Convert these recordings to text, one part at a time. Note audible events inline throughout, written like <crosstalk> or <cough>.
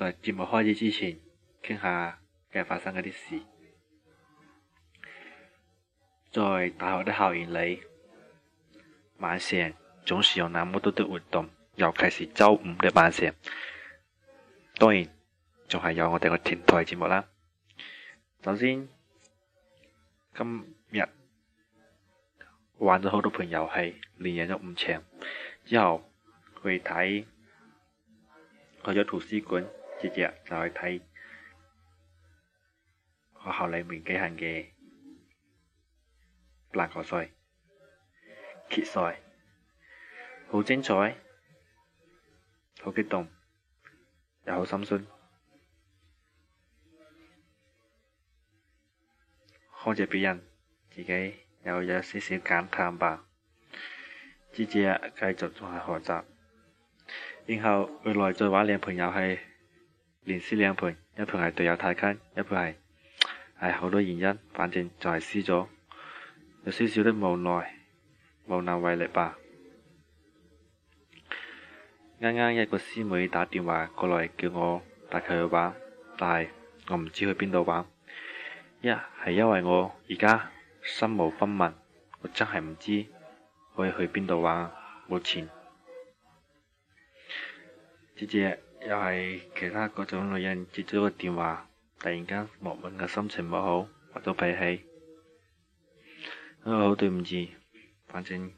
在節目開始之前，傾下今日發生嗰啲事。在大學的校園裏，晚上總是有那麼多的活動，尤其是週五的晚上。當然，仲係有我哋嘅電台節目啦。首先，今日玩咗好多盤遊戲，連贏咗五場。之後去睇去咗圖書館。接着就去睇學校裏面舉行嘅籃球賽決賽，好精彩，好激動，又好心酸，看着別人，自己又有少少感嘆吧。接着繼續仲係學習，然後回來再玩兩盤遊戲。連輸兩盤，一盤係隊友太坑，一盤係唉，好多原因，反正就係輸咗，有少少的無奈，無能為力吧。啱啱一個師妹打電話過來叫我帶佢去玩，但係我唔知去邊度玩。一係因為我而家身無分文，我真係唔知可以去邊度玩。冇錢只只。姐姐又係其他各種女人接咗個電話，突然間莫名嘅心情冇好，發咗脾氣。啊， <music> Hello，對唔住，反正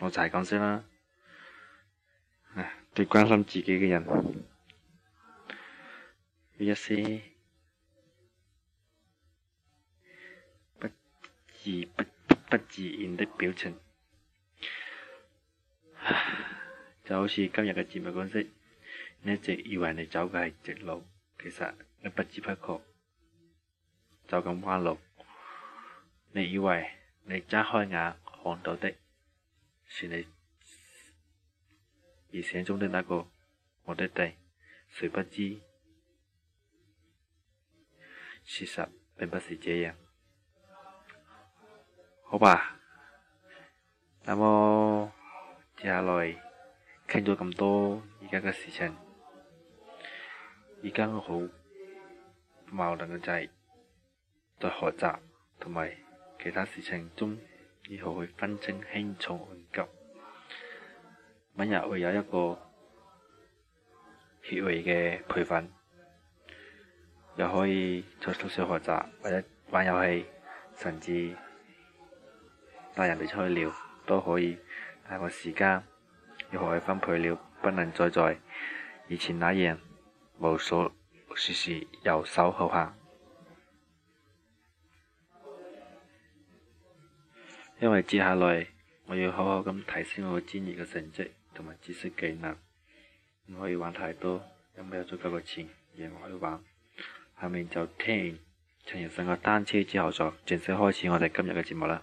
我就係咁識啦。對關心自己嘅人，有一些不自不不自然的表情，就好似今日嘅節目講識。你一直以為你走嘅係直路，其實你不知不覺走緊彎路。你以為你睜開眼看到的係你預想中的那個目的地，誰不知事實並不是這樣。好吧，那麼接下來傾咗咁多而家嘅事情。而家我好矛盾嘅就係在學習同埋其他事情中，如何去分清輕重緩急。每日會有一個協會嘅培訓，又可以在宿舍學習或者玩遊戲，甚至帶人哋出去聊都可以。但係個時間要學去分配了，不能再在以前那樣。無所事事遊手好閒，因為接下來我要好好咁提升我嘅專業嘅成績同埋知識技能，唔可以玩太多，又冇有足夠嘅錢，亦唔可以玩。下面就聽完陳奕迅嘅單車之後，就正式開始我哋今日嘅節目啦。